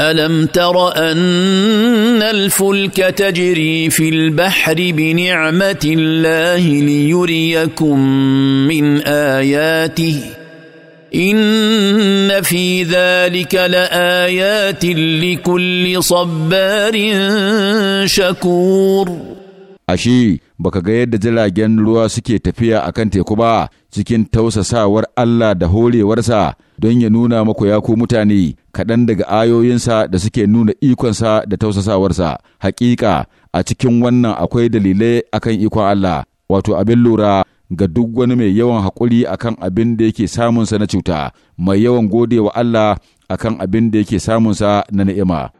الم تر ان الفلك تجري في البحر بنعمه الله ليريكم من اياته ان في ذلك لايات لكل صبار شكور ashe baka ga yadda jiragen ruwa suke tafiya a kan teku ba cikin tausasawar Allah da horewarsa don ya nuna maku ya ku mutane kaɗan daga ayoyinsa da suke nuna ikonsa da tausasawarsa hakika a cikin wannan akwai dalilai akan ikon Allah wato abin lura ga duk wani mai yawan haƙuri akan abin da yake samunsa na cuta mai yawan gode wa Allah akan abin da yake samunsa na ni'ima